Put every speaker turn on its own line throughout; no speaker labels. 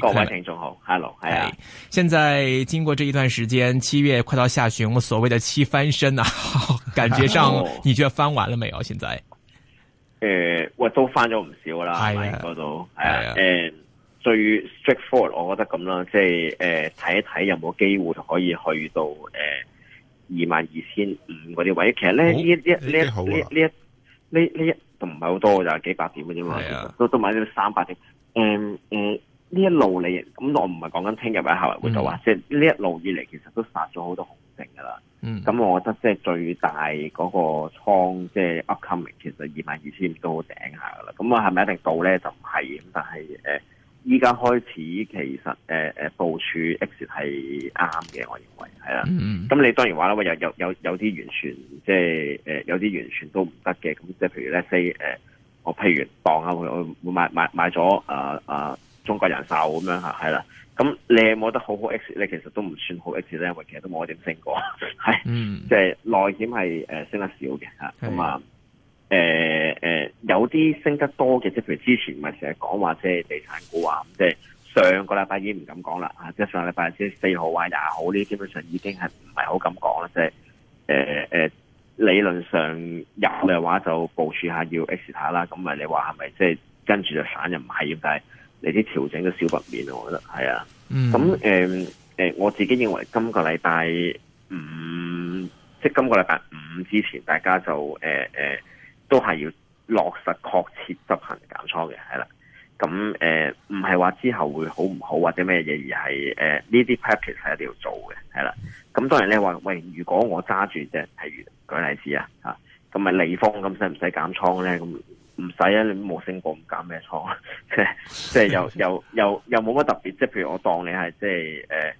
各位聽眾好，hello，係啊。Hello，現在經過這一段時間，七月快到下旬，我所謂嘅七翻身啊，感覺上你覺得翻完啦未啊？現在誒，我都翻咗唔少啦，喺嗰度誒誒，最 straightforward，我覺得咁啦，即係誒睇一睇有冇機會就可以去到誒二萬二千五嗰啲位。其實咧呢一呢一呢一呢呢一，都唔係好多噶，就幾百點嘅啫嘛。係啊，都都買咗三百點。是呀 嗯。誒、嗯。呢一路你，咁我唔係講緊聽日或者後日會做啊，即係呢一路以嚟其實都發咗好多紅證㗎啦。嗯、mm，咁、hmm. 我覺得即係最大嗰個倉，即、就、係、是、upcoming 其實二萬二千都好頂下㗎啦。咁啊，係咪一定到咧？就唔係。咁但係誒，依、呃、家開始其實誒誒、呃、部署 exit 係啱嘅，我認為係啦。咁、mm hmm. 你當然話啦，喂，有有有有啲完全即係、呃、有啲完全都唔得嘅。咁即係譬如咧，say、呃、我譬如當下我我買買咗啊中國人壽咁樣嚇，係啦。咁你有冇覺得好好 X 咧？其實都唔算好 X 咧，因為其實都冇一點升過，係即係內險係誒升得少嘅嚇。咁啊誒誒，有啲升得多嘅，即譬如之前咪成日講話即係地產股啊，即係上個禮拜已經唔敢講啦。啊，即係上個禮拜先四號啊廿號呢，基本上已經係唔係好敢講啦。即係誒誒，理論上有嘅話就部署一下要 X 下啦。咁啊，你話係咪即係跟住就散又唔係咁？但係你啲調整都少不免，我覺得係啊，咁誒、嗯呃、我自己認為今個禮拜五，即今個禮拜五之前，大家就誒、呃、都係要落實確切執行減倉嘅，係啦。咁誒，唔係話之後會好唔好或者咩嘢，而係誒呢啲 practice 係一定要做嘅，係啦。咁、嗯、當然呢，話喂，如果我揸住只係舉例子啊嚇，咁咪利豐咁，使唔使減倉咧？咁？唔使啊！你冇升過，唔減咩倉？即係即係又又又又冇乜特別。即係譬如我當你係即係誒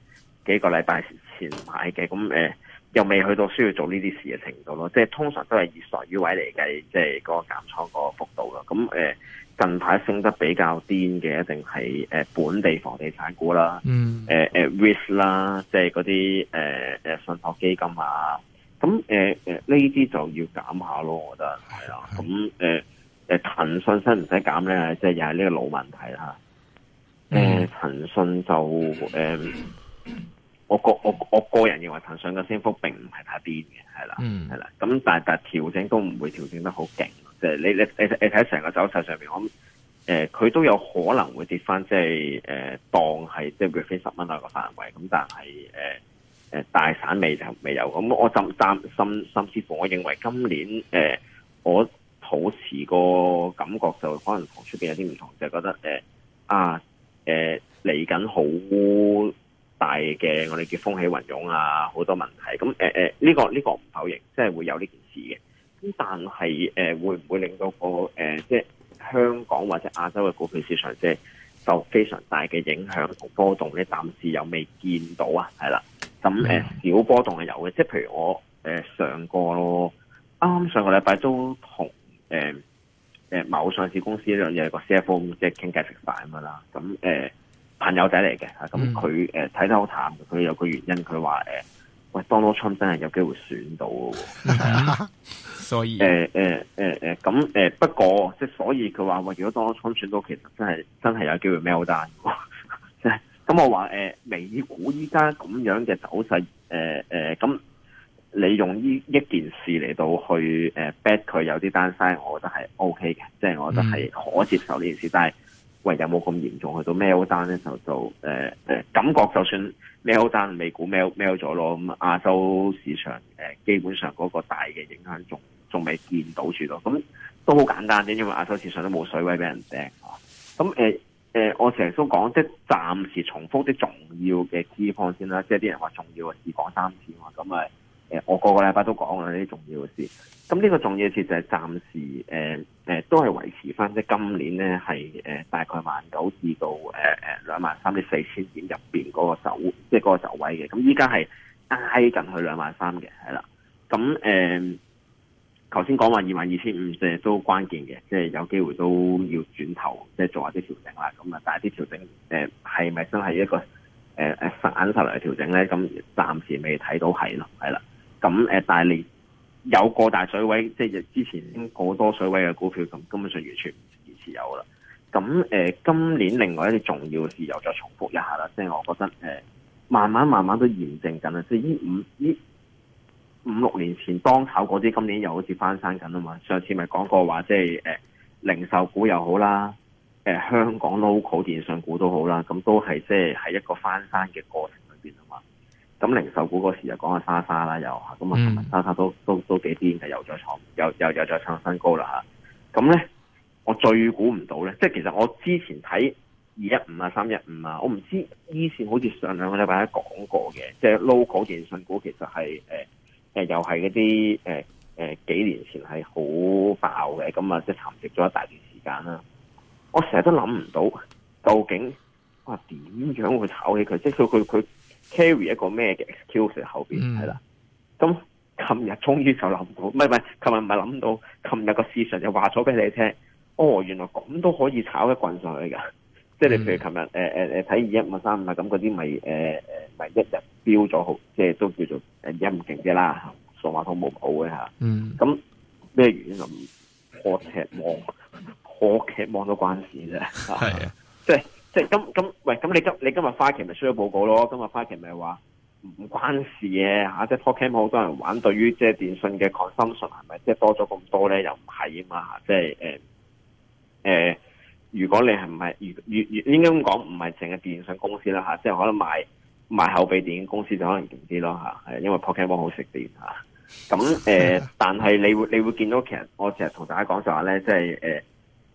幾個禮拜前買嘅，咁、呃、誒又未去到需要做呢啲事嘅程度咯。即、呃、係通常都係以上與位嚟計，即係嗰個減倉個幅度咯。咁誒、呃、近排升得比較癲嘅，一定係誒本地房地產股、嗯呃、riz, 啦。嗯、就是。誒誒，risk 啦，即係嗰啲誒誒信託基金啊。咁誒誒，呢、呃、啲就要減下咯。我覺得係啊。咁誒。誒，騰訊使唔使減咧？即係又係呢個老問題啦。誒、嗯，騰訊、嗯嗯、就誒、嗯，我個我我個人認為騰訊嘅升幅並唔係太癲嘅，係啦，係啦、嗯。咁但係但係調整都唔會調整得好勁，即、就、係、是、你你你你睇成個走勢上邊，我諗，佢、呃、都有可能會跌翻，即係誒，當係即係若十蚊啊個範圍，咁但係誒誒，大散未就未有。咁我暫暫甚甚至乎，我認為今年誒、呃，我。保持個感覺就可能同出邊有啲唔同，就係、覺得誒啊誒嚟緊好大嘅我哋叫風起雲湧啊，好多問題咁，誒誒呢個呢、呢個唔否認，即係會有呢件事嘅。咁但係誒、啊、會唔會令到、個誒、啊、即係香港或者亞洲嘅股票市場即係受非常大嘅影響同波動咧？暫時有未見到啊，係啦。咁誒小波動係有嘅，即係譬如我誒、啊、上個咯，啱啱上個禮拜都同。誒誒、呃呃，某上市公司呢樣嘢個 CFO 即係傾偈食飯咁啦，咁誒、呃、朋友仔嚟嘅吓，咁佢誒睇得好淡，佢有個原因，佢話誒，喂，Donald Trump 真係有機會選到， 啊、所以誒誒誒誒，咁、呃、誒、呃呃呃呃呃、不過即係所以佢話喂，如果 Donald Trump 選到，其實真係真係有機會 mail 單，即係咁我話誒，美股依家咁樣嘅走勢，誒誒咁。呃呃你用呢一件事嚟到去誒 b e t 佢有啲單曬，OK，我覺得係 O K 嘅，即係我覺得係可接受呢件事。但係喂，有冇咁嚴重去到 m i l 單咧？就、呃、就感覺就算 m i l 單美股 mel m l 咗咯，咁亞洲市場基本上嗰個大嘅影響仲仲未見到住到，咁都好簡單啲，因為亞洲市場都冇水位俾人掟啊。咁、呃呃、我成日都講即係暫時重複啲重要嘅資訊先啦。即係啲人話重要係講三次嘛，咁咪。誒、呃，我個個禮拜都講呢啲重要嘅事。咁呢個重要嘅事就係暫時，誒、呃、誒、呃，都係維持翻，即係今年咧係誒大概萬九至到誒誒兩萬三至四千點入邊嗰個走，即係個走位嘅。咁依家係挨近去兩萬三嘅，係啦。咁誒，頭先講話二萬二千五，即係都關鍵嘅，即係有機會都要轉頭，即係做下啲調整啦。咁啊，但係啲調整，誒係咪真係一個，誒誒實牙實齒嚟調整咧？咁暫時未睇到係咯，係啦。咁誒，大利、嗯、有過大水位，即係之前過多水位嘅股票，咁根本上完全唔持有啦。咁、嗯、誒、呃，今年另外一啲重要嘅事又再重複一下啦，即係我覺得誒、呃，慢慢慢慢都驗證緊啦。即係呢五呢五六年前當炒嗰啲，今年又好似翻山緊啊嘛。上次咪講過話，即係、呃、零售股又好啦、呃，香港 local 電信股都好啦，咁都係即係喺一個翻山嘅過程裏面啊嘛。咁零售股嗰時就講下莎莎啦，又咁啊，莎莎都、嗯、都都，都幾癲，又再創又又又再創新高啦吓！咁咧，我最估唔到咧，即係其實我之前睇二一五啊、三一五啊，我唔知以前好似上兩個禮拜講過嘅，即係 local 電信股，其實係誒誒，又係嗰啲誒誒，幾年前係好爆嘅，咁啊即係沉寂咗一大段時間啦。我成日都諗唔到，到，究竟哇點樣會炒起佢？即係佢佢。carry 一個咩嘅 excuse 後邊係啦，咁琴日終於就諗到，唔係唔係，琴日唔係諗到，琴日個市場就話咗俾你聽，哦，原來咁都可以炒一棍上去嘅，嗯、即係你譬如琴日誒誒誒睇二一五三五啊，咁嗰啲咪誒誒咪一日飆咗好，即係都叫做誒陰勁嘅啦，數碼通冇冇嘅吓，咁咩、嗯嗯、原因唔破劇望，破劇望都關事啫，係 啊，的即係。即係今今，喂，咁你今你今日花旗咪出咗報告咯？今日花旗咪話唔唔關事嘅吓、啊，即係 Pokemon、ok、好多人玩。對於即係電信嘅 consumption 係咪即係多咗咁多咧？又唔係啊嘛，即係誒誒，如果你係唔係，如如如應該咁講唔係淨係電信公司啦吓、啊，即係可能賣賣後備電公司就可能勁啲咯吓，係、啊、因為 Pokemon、ok、好食電吓。咁、啊、誒、啊，但係你會你會見到其實我成日同大家講實話咧，即係誒。啊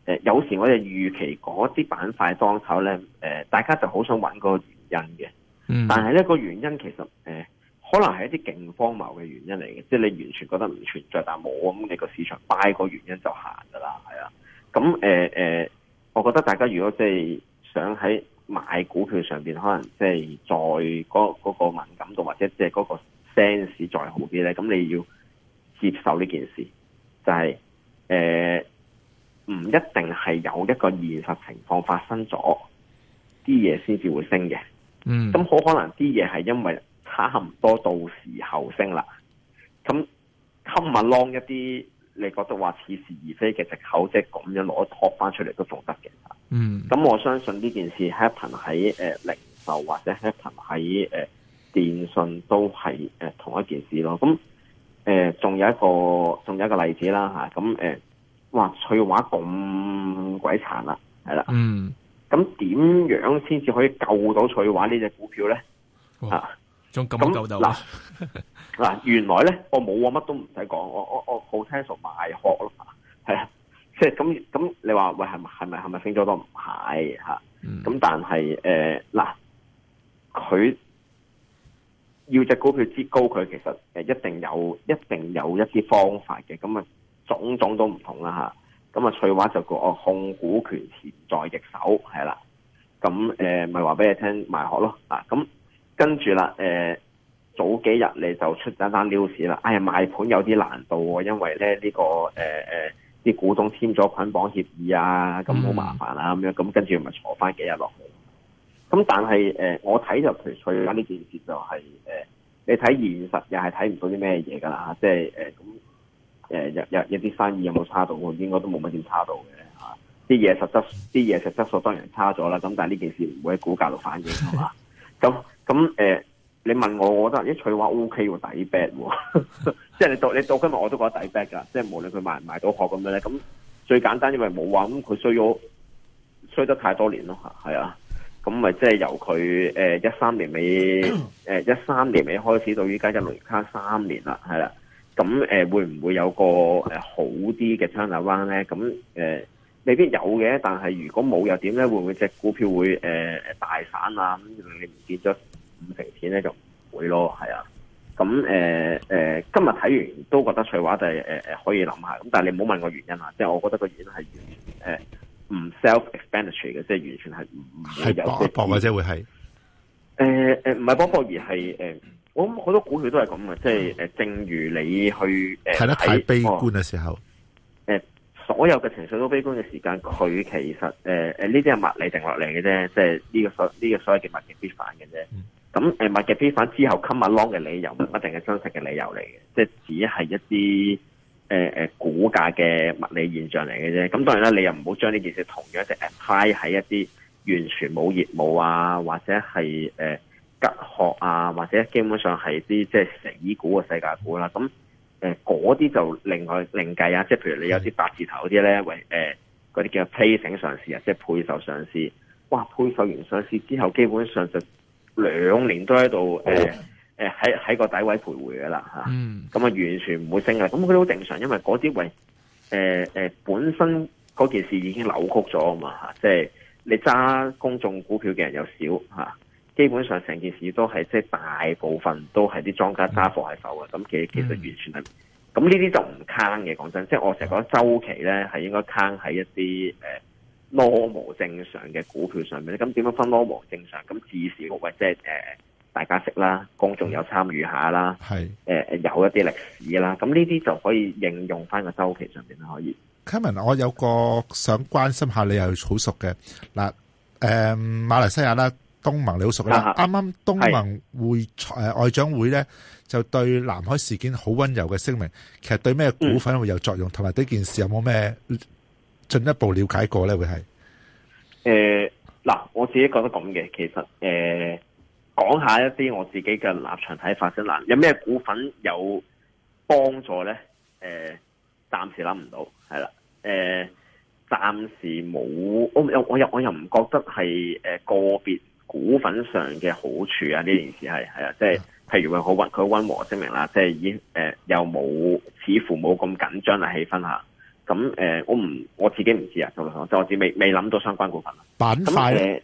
誒，有時我哋預期嗰啲板塊當炒咧，誒、呃，大家就好想揾個原因嘅，嗯、但係呢個原因其實誒、呃，可能係一啲勁荒謬嘅原因嚟嘅，即係你完全覺得唔存在，但係冇咁你個市場買個原因就行噶啦，係啦，咁誒誒，我覺得大家如果即係想喺買股票上邊，可能即係再嗰個個敏感度或者即係嗰個 sense 再好啲咧，咁你要接受呢件事，就係誒。呃唔一定係有一個現實情況發生咗啲嘢，先至會升嘅，嗯，咁好可能啲嘢係因為差唔多到時候升啦，咁 come along 一啲你覺得話似是而非嘅借口，即係咁樣攞一托翻出嚟都仲得嘅，嗯，咁我相信呢件事 happen 喺誒、呃、零售或者 happen 喺誒、呃、電信都係誒、呃、同一件事咯，咁誒仲有一個仲有一個例子啦吓，咁、啊、誒。啊呃哇！翠華咁鬼慘啦、啊，係啦，嗯，咁點樣先至可以救到翠華呢隻股票咧、啊？啊，咁咁救到嗱嗱，原來咧，我冇我乜都唔使講，我我我好聽熟賣殼咯，係啊，即係咁咁，你話喂係咪係咪係咪升咗都唔係吓，咁、嗯啊、但係誒嗱，佢、呃啊、要隻股票之高，佢其實誒一,一定有一定有一啲方法嘅，咁啊。種種都唔同啦嚇，咁啊翠華就講哦，控股權潛在敵手係啦，咁誒咪話俾你聽賣殼咯啊，咁跟住啦誒早幾日你就出咗單 news 啦，哎呀買盤有啲難度喎，因為咧呢、呢個誒啲、呃、股東簽咗捆綁協議啊，咁好麻煩啦咁樣，咁跟住咪坐翻幾日落去。咁但係誒、呃，我睇就譬如翠華呢件事就係、是呃、你睇現實又係睇唔到啲咩嘢㗎啦，即係咁。呃誒、呃，有有一啲生意有冇差到？應該都冇乜點差到嘅嚇。啲嘢實質，啲嘢實質，所當然差咗啦。咁但係呢件事唔會喺股價度反映啊嘛。咁咁誒，你問我，我覺得啲翠華 O K 喎，底 bad 喎，即係你到你到今日我都覺得底 bad 㗎。即係無論佢賣唔賣到貨咁樣咧，咁最簡單因為冇啊。咁佢衰咗，衰得太多年咯嚇，係啊。咁咪即係由佢誒一三年尾誒一三年尾開始到依家，一六年卡三年啦，係啦、啊。咁誒、呃、會唔會有個誒、呃、好啲嘅 channel 灣咧？咁誒、呃、未必有嘅，但係如果冇又點呢？會唔會隻股票會誒、呃、大散啊？咁你唔見咗五成錢呢，就唔會囉。係呀，咁誒誒，今日睇完都覺得翠華係、就是呃、可以諗下。咁但係你唔好問我原因啦，即、就、係、是、我覺得個原因係完誒唔 s e l f e x p e n d i t u r e 嘅，即係完全係唔唔會有博博或者是會係誒誒唔係博博而係誒。呃我諗好多股票都係咁嘅，即係誒，正如你去誒睇睇得悲觀嘅時候，誒、哦呃，所有嘅情緒都悲觀嘅時間，佢其實誒誒，呢啲係物理定落嚟嘅啫，即係呢個所呢、呢個所謂嘅物極必反嘅啫。咁誒、嗯，物極必反之後 come along 嘅理由唔一定係真實嘅理由嚟嘅，即係只係一啲誒誒股價嘅物理現象嚟嘅啫。咁當然啦，你又唔好將呢件事同樣地 apply 喺一啲完全冇業務啊，或者係誒。呃啊，或者基本上係啲即係死股嘅世界股啦，咁誒嗰啲就另外另計啊，即係譬如你有啲八字頭啲咧，為誒嗰啲叫配型上市啊，即係配售上市，哇！配售完上市之後，基本上就兩年都喺度誒誒喺喺個底位徘徊噶啦吓，咁啊、mm. 完全唔會升嘅，咁佢都好正常，因為嗰啲為誒誒本身嗰件事已經扭曲咗啊嘛吓，即係你揸公眾股票嘅人又少吓。啊基本上成件事都係即係大部分都係啲莊家揸貨喺手嘅，咁其、嗯、其實完全係咁呢啲就唔慳嘅。講真，即、就、係、是、我成日講周期咧，係應該慳喺一啲誒 normal 正常嘅股票上面。咁點樣分 normal 正常？咁至少喂，即係誒、呃、大家識啦，公眾有參與下啦，係誒、嗯呃、有一啲歷史啦。咁呢啲就可以應用翻個周期上邊啦。可以，Kevin，我有個想關心下你熟的，你又好熟嘅嗱，誒馬來西亞啦。東盟你好熟啦，啱啱、嗯、東盟會誒是、呃、外長會咧，就對南海事件好溫柔嘅聲明，其實對咩股份會有作用，同埋呢件事有冇咩進一步了解過咧？會係誒嗱，我自己覺得咁嘅，其實誒、呃、講一下一啲我自己嘅立場睇法先啦。有咩股份有幫助咧？誒、呃，暫時諗唔到，係啦，誒、呃，暫時冇，我又我又我又唔覺得係誒個別股份上嘅好處啊，呢件事係係啊，即、就、係、是、譬如佢好溫，佢溫和聲明啦，即係已誒又冇似乎冇咁緊張嘅氣氛吓，咁誒、呃、我唔我自己唔知啊，就是、我自己未未諗到相關股份啊板塊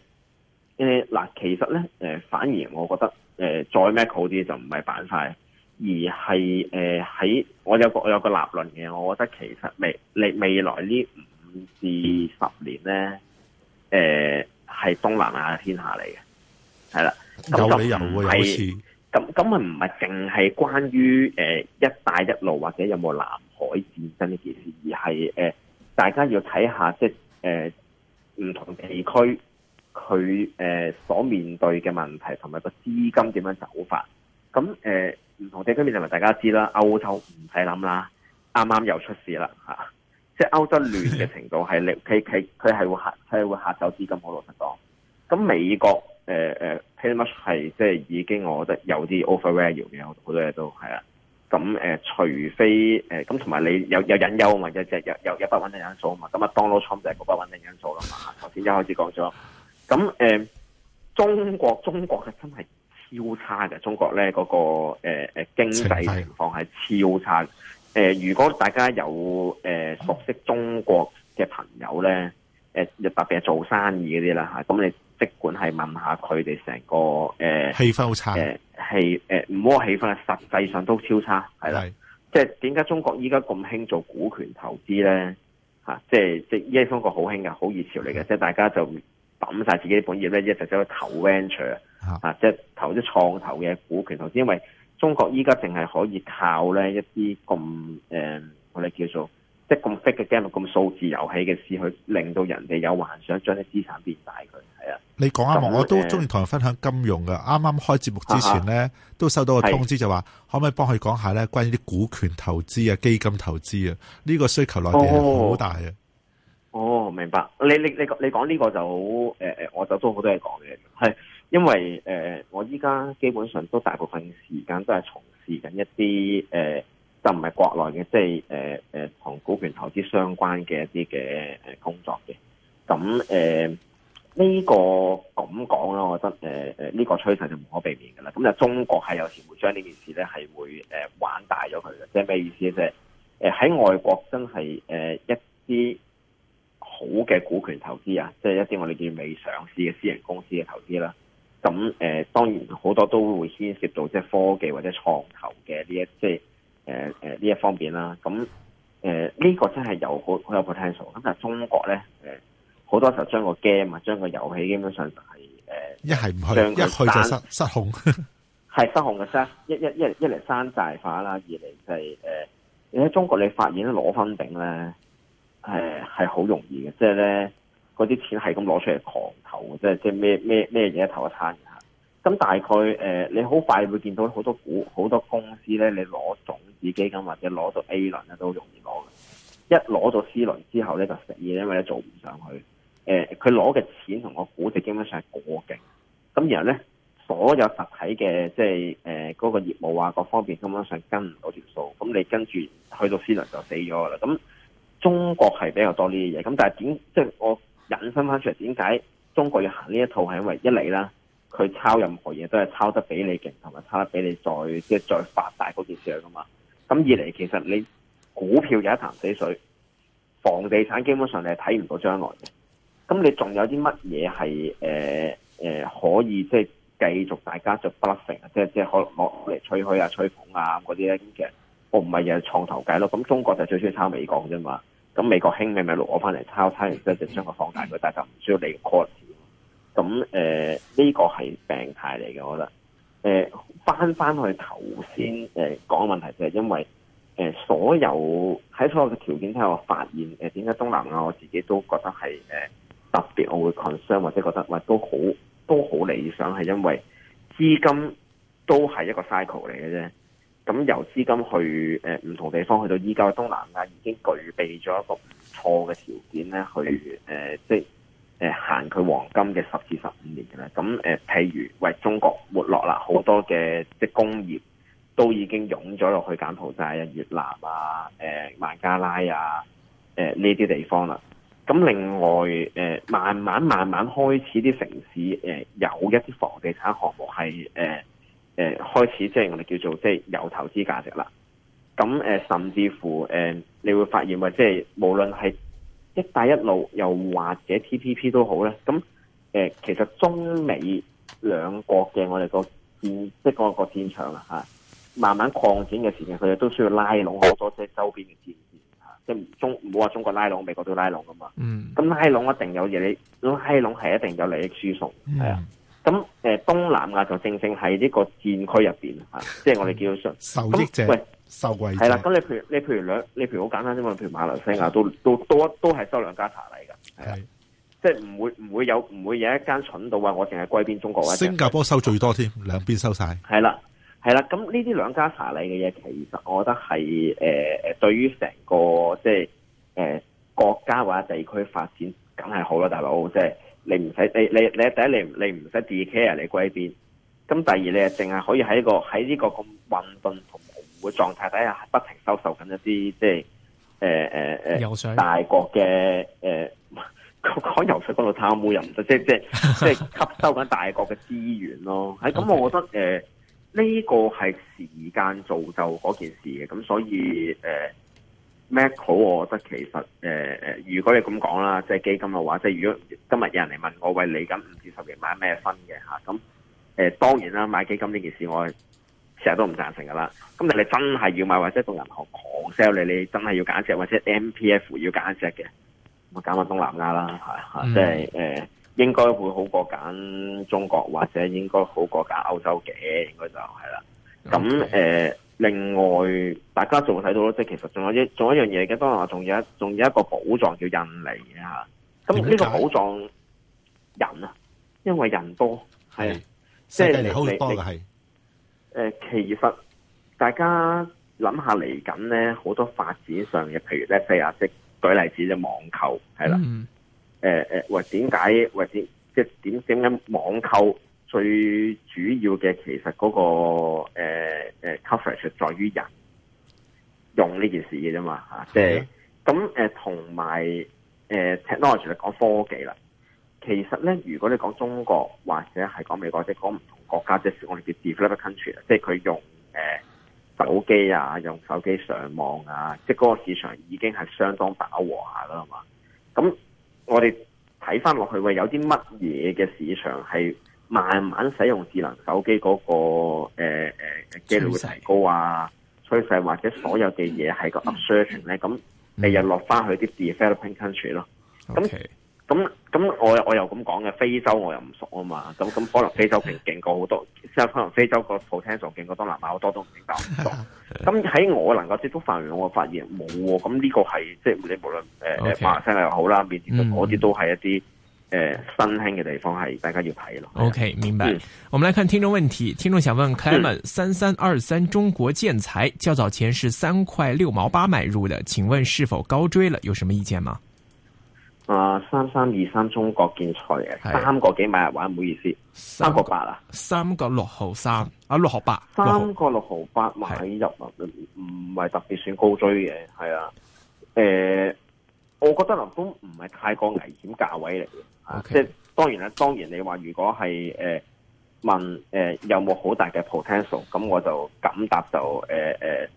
誒嗱、呃，其實咧誒、呃呃、反而我覺得誒、呃、再 make 好啲就唔係板塊，而係誒喺我有個我有個立論嘅，我覺得其實未未未來呢五至十年咧誒。呃係東南亞天下嚟嘅，係啦，就你又唔會好似咁咁啊，唔係淨係關於誒、呃、一帶一路或者有冇南海戰爭呢件事，而係誒、呃、大家要睇下即係誒唔同地區佢誒所面對嘅問題同埋個資金點樣走法。咁誒唔同地區面就咪大家知啦，歐洲唔使諗啦，啱啱又出事啦吓。啊即係歐洲亂嘅程度係，佢佢佢係會下係會下手資金好，好老實講。咁美國誒 pretty much 係即已經，我覺得有啲 overvalued 嘅好多嘢都係啦。咁、呃、除非誒，咁同埋你有有隱憂啊嘛，一隻有有，有，有不穩定因素啊嘛。咁 Trump 就係嗰不穩定因素啦嘛。頭先一開始講咗。咁中國中國嘅真係超差嘅，中國咧嗰、那個、呃、經濟情況係超差的。誒、呃，如果大家有誒、呃、熟悉中國嘅朋友咧，誒、呃，特別係做生意嗰啲啦吓，咁你即管係問下佢哋成個誒氣氛好差，誒誒唔好話氣氛啊，呃氛呃呃、氛實際上都超差，係啦。即係點解中國依家咁興做股權投資咧？吓、啊，即係即係呢方面好興噶，好熱潮嚟嘅，即係的大家就抌晒自己本業咧，一直就走去投 venture，即係投啲創投嘅股權投資，因為。中國依家淨係可以靠咧一啲咁誒，我哋叫做即係咁 fake 嘅 game，咁數字遊戲嘅事，去令到人哋有幻想將啲資產變大佢。係啊，你講啱那我都中意同人分享金融噶。啱啱開節目之前咧，哈哈都收到個通知就話，的可唔可以幫佢講下咧？關於啲股權投資啊、基金投資啊，呢個需求內地係好大啊、哦。哦，明白。你你你講你講呢個就好，誒誒，我就都好多嘢講嘅，係。因為誒、呃，我依家基本上都大部分時間都係從事緊一啲誒、呃，就唔係國內嘅，即係誒誒，同、呃、股權投資相關嘅一啲嘅誒工作嘅。咁誒呢個咁講啦，我覺得誒誒呢個趨勢就無可避免噶啦。咁、嗯、就中國係有時會將呢件事咧係會誒、呃、玩大咗佢嘅，即係咩意思咧、就是？即係誒喺外國真係誒、呃、一啲好嘅股權投資啊，即係一啲我哋叫未上市嘅私人公司嘅投資啦。咁誒當然好多都會牽涉到即係科技或者創投嘅呢一即係誒誒呢一方面啦。咁誒呢個真係有好好有 potential。咁但係中國咧誒好多時候將個 game、將個遊戲基本上係誒一係唔去，一去就失失控，係 失控嘅啫，一一一一嚟山寨化啦，二嚟就係誒你喺中國你發現攞分頂咧誒係好容易嘅，即係咧。嗰啲錢係咁攞出嚟狂投，即係即係咩咩咩嘢投一餐咁大概誒、呃，你好快會見到好多股、好多公司咧，你攞種子基金或者攞到 A 輪咧都好容易攞。一攞到 C 輪之後咧，就死嘢，因為咧做唔上去。誒、呃，佢攞嘅錢同個估值基本上係過勁。咁然後咧，所有實體嘅即係誒嗰個業務啊，各方面基本根本上跟唔到條數。咁你跟住去到 C 輪就死咗啦。咁中國係比較多呢啲嘢。咁但係點？即係我。引申翻出嚟，點解中國要行呢一套？係因為一嚟啦，佢抄任何嘢都係抄得比你勁，同埋抄得比你再即係再放大嗰件事嚟噶嘛。咁二嚟其實你股票有一潭死水，房地產基本上你係睇唔到將來嘅。咁你仲有啲乜嘢係誒誒可以即係繼續大家就不甩啊？即係即係可能攞嚟吹噓啊、吹捧啊嗰啲咧，其實我唔係嘢係創投計咯。咁中國就最中意抄美國啫嘛。咁美國興咪咪攞翻嚟抄抄，抄完之後就將佢放大佢，但係就唔需要你嘅 quality。咁誒呢個係病態嚟嘅，我覺得。誒翻翻去頭先誒講嘅問題，就係因為誒、呃、所有喺所有嘅條件底下我發現誒點解東南亞我自己都覺得係誒、呃、特別，我會 concern 或者覺得，喂都好都好理想，係因為資金都係一個 cycle 嚟嘅啫。咁由資金去誒唔、呃、同地方去到依家，東南亞已經具備咗一個唔錯嘅條件咧，去誒的、呃、即係誒行佢黃金嘅十至十五年嘅啦。咁誒、呃，譬如喂中國沒落啦，好多嘅即係工業都已經湧咗落去柬埔寨啊、越南啊、誒、呃、孟加拉啊、誒呢啲地方啦。咁另外誒、呃，慢慢慢慢開始啲城市誒、呃，有一啲房地產項目係誒。呃誒，開始即係我哋叫做即係有投資價值啦。咁誒，甚至乎誒，你會發現話即係無論係一帶一路又或者 TPP 都好咧。咁誒，其實中美兩國嘅我哋個戰，即係嗰個戰場啊，嚇，
慢慢
擴展嘅事情，佢哋都需要拉攏好多即係周邊嘅戰線嚇，即係中唔好話中國拉攏美國都拉攏噶嘛。嗯。咁拉攏一定有嘢，你拉攏係一定有利益輸送，係啊、嗯。咁誒東南亞就正正喺呢個戰區入邊啊，嗯、即係我哋叫受受益者，那喂受惠係啦。咁你譬如你譬如兩，你譬如好簡單啫嘛，譬如馬來西亞都都都都係收兩家茶禮嘅，係的即係唔會唔會有唔會有一間蠢到話我淨係歸邊中國？新加坡收最多添，兩邊收晒。係啦，係啦。咁呢啲兩家茶禮嘅嘢，其實我覺得係誒誒，對於成個即係誒、呃、國家或者地區發展，梗係好啦，大佬即係。你唔使你你你第一你你唔使 declare 你歸邊，咁第二你淨係可以喺個喺呢個咁混沌同冇嘅狀態底下不停收受緊一啲即係誒誒誒，呃呃、游水大國嘅誒，講、呃、游水嗰度貪污又唔得，即即即吸收緊大國嘅資源咯。咁，我覺得誒呢、呃這個係時間造就嗰件事嘅，咁所以誒。呃咩好？我覺得其實誒誒、呃，如果你咁講啦，即係基金嘅話，即係如果今日有人嚟問我喂，你緊五至十年買咩分嘅嚇，咁、啊、誒、呃、當然啦，買基金呢件事我成日都唔贊成噶啦。咁但係你真係要買，或者到銀行狂 sell 你，你真係要揀隻，或者 M P F 要揀隻嘅，我揀下東南亞啦，嚇、啊，mm. 即係誒、呃、應該會好過揀中國，或者應該好過揀歐洲嘅，應該就係、是、啦。咁誒。呃 okay. 另外，大家仲會睇到咯，即係其實仲有一，仲有一樣嘢嘅。當然話仲有一，仲有一個寶藏叫印尼嘅。咁呢個寶藏人啊，因為人多，係啊的，
即係好多嘅係、
呃。其實大家諗下嚟緊咧，好多發展上嘅，譬如咧飛亞式，舉例子就網購係啦。誒誒，或點解，或者即係點點樣網購？最主要嘅其實嗰、那個、呃呃、coverage 在於人用呢件事嘅啫嘛嚇，是的即係咁誒同、呃、埋、呃、technology 講科技啦。其實咧，如果你講中國或者係講美國，即係講唔同國家，即係我哋叫 developer country 啊，即係佢用手機啊，用手機上網啊，即係嗰個市場已經係相當飽和下啦嘛。咁我哋睇翻落去，會有啲乜嘢嘅市場係？慢慢使用智能手機嗰、那個誒、呃、機率會提高啊，趨勢，或者所有嘅嘢係個 uptrend 咧、嗯，咁你日落翻去啲 developing country 咯。咁咁咁，我我又咁講嘅，非洲我又唔熟啊嘛。咁咁可能非洲平勁過好多，即係 可能非洲個 potential 勁過東南亞好多都唔明白。咁喺 我能夠接觸範圍，我發現冇喎。咁呢個係即係無論誒誒馬來西亞又好啦，面前嗰啲都係一啲。嗯嗯誒、呃，新興嘅地方係大家要睇咯。OK，明白。的我們來看聽眾問題，聽眾想問 Clement 的三三二三中國建材較早前是三塊六毛八買入的，請問是否高追了？有什麼意見嗎？啊、呃，三三二三中國建材嘅的三個幾買入玩唔好意思，三個八啦，三個六毫三啊，六毫八，三個六毫、啊、八，八買入，唔唔係特別算高追嘅，係啊，誒、呃。我覺得林峰唔係太過危險價位嚟嘅。Okay.、啊，即係當然啦。當然你話如果係誒、呃、問誒、呃、有冇好大嘅 potential，咁我就敢答就誒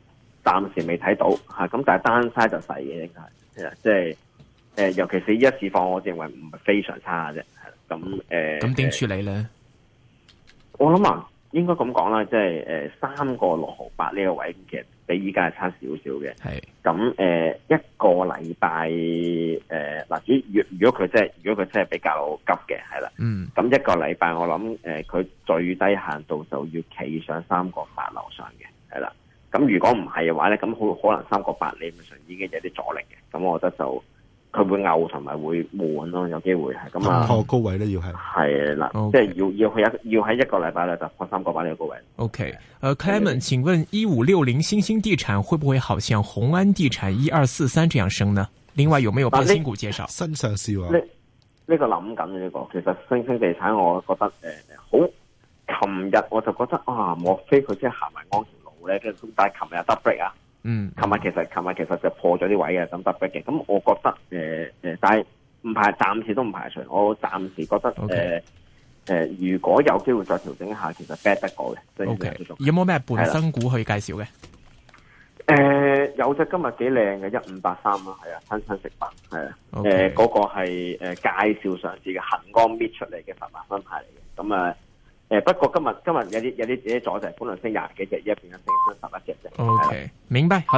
暫時未睇到咁、啊、但係單晒就細嘅、啊、即係、呃、尤其是一次放我認為唔係非常差啫。咁、啊、誒，咁、啊、點處理咧、啊？我諗啊～應該咁講啦，即係、呃、三個六毫八呢個位，其實比依家係差少少嘅。咁係、呃、一個禮拜嗱、呃，如如如果佢如果佢真係比較急嘅，係啦，嗯，咁一個禮拜我諗佢、呃、最低限度就要企上三個八樓上嘅，係啦。咁如果唔係嘅話咧，咁好可能三個八理論上已經有啲阻力嘅，咁我覺得就。佢會嘔同埋會悶咯、啊，有機會係咁啊！破高位呢要係係啦，的 Okay. 即係要要去一要喺一個禮拜咧就破三個板呢個高位。O K，誒，Clement，請問1560星星地產會唔會好像宏安地產1243這樣升呢？另外，有沒有半新股介紹？新你上市喎。呢、這個諗緊呢個，其實星星地產我覺得、呃、好。琴日我就覺得啊，莫非佢真係行埋光條路呢？即係都帶琴日 double 啊！嗯，琴日其實琴日其實就破咗啲位嘅，咁特別嘅。咁我覺得，誒、呃、誒，但係唔排，暫時都唔排除。我暫時覺得，誒誒 Okay.、呃，如果有機會再調整一下，其實 b a d k 得過嘅。O Okay . K，有冇咩半新股了去介紹嘅？誒、呃，有隻今日幾靚嘅，一五八三啦，係啊，親親食品，係啊 Okay.、呃，誒、那個，嗰個係誒介紹上次嘅恒光搣出嚟嘅十八分派嚟嘅，咁啊。呃誒、欸、不過今日今日有啲有啲啲阻滯，本來升廿幾隻，而家變咗升翻十一隻啫。O Okay , K，的明白。